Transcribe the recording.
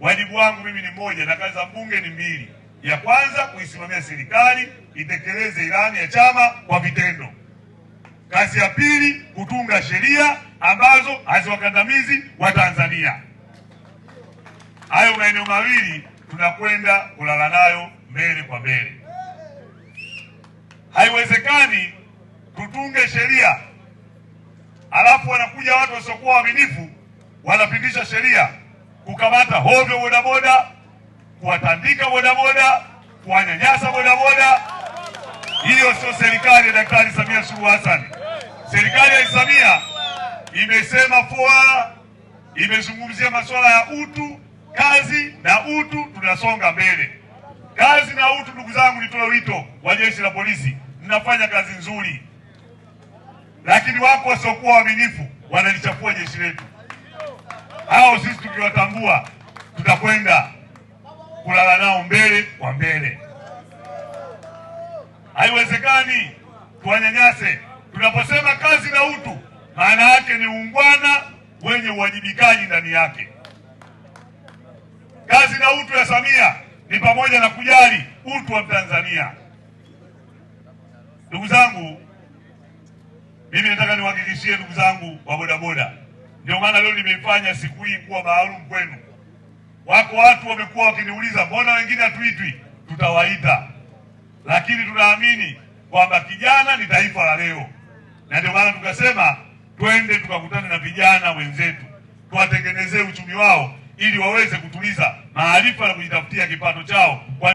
Wajibu wangu mimi ni mmoja na kazi za mbunge ni mbili. Ya kwanza kuisimamia serikali itekeleze ilani ya chama kwa vitendo. Kazi ya pili kutunga sheria ambazo haziwakandamizi Watanzania. Hayo maeneo mawili tunakwenda kulala nayo mbele kwa mbele. Haiwezekani tutunge sheria alafu wanakuja watu wasiokuwa waaminifu wanapindisha sheria kukamata hovyo bodaboda, kuwatandika bodaboda, kuwanyanyasa bodaboda. Hiyo sio serikali ya Daktari Samia Suluhu Hassan. Serikali ya Samia imesema fora, imezungumzia masuala ya utu, kazi na utu, tunasonga mbele. Kazi na utu, ndugu zangu, nitoe wito wa jeshi la polisi, mnafanya kazi nzuri, lakini wako wasiokuwa waaminifu wanalichafua jeshi letu hao sisi tukiwatambua, tutakwenda kulala nao mbele kwa mbele. Haiwezekani tuwanyanyase. Tunaposema kazi na utu, maana yake ni ungwana wenye uwajibikaji ndani yake. Kazi na utu ya Samia ni pamoja na kujali utu wa Mtanzania. Ndugu zangu, mimi nataka niwahakikishie ndugu zangu wa bodaboda ndio maana leo nimeifanya siku hii kuwa maalum kwenu. Wako watu wamekuwa wakiniuliza mbona wengine hatuitwi? Tutawaita, lakini tunaamini kwamba kijana ni taifa la leo, na ndio maana tukasema twende tukakutane na vijana wenzetu, tuwatengenezee uchumi wao ili waweze kutuliza maarifa na kujitafutia kipato chao.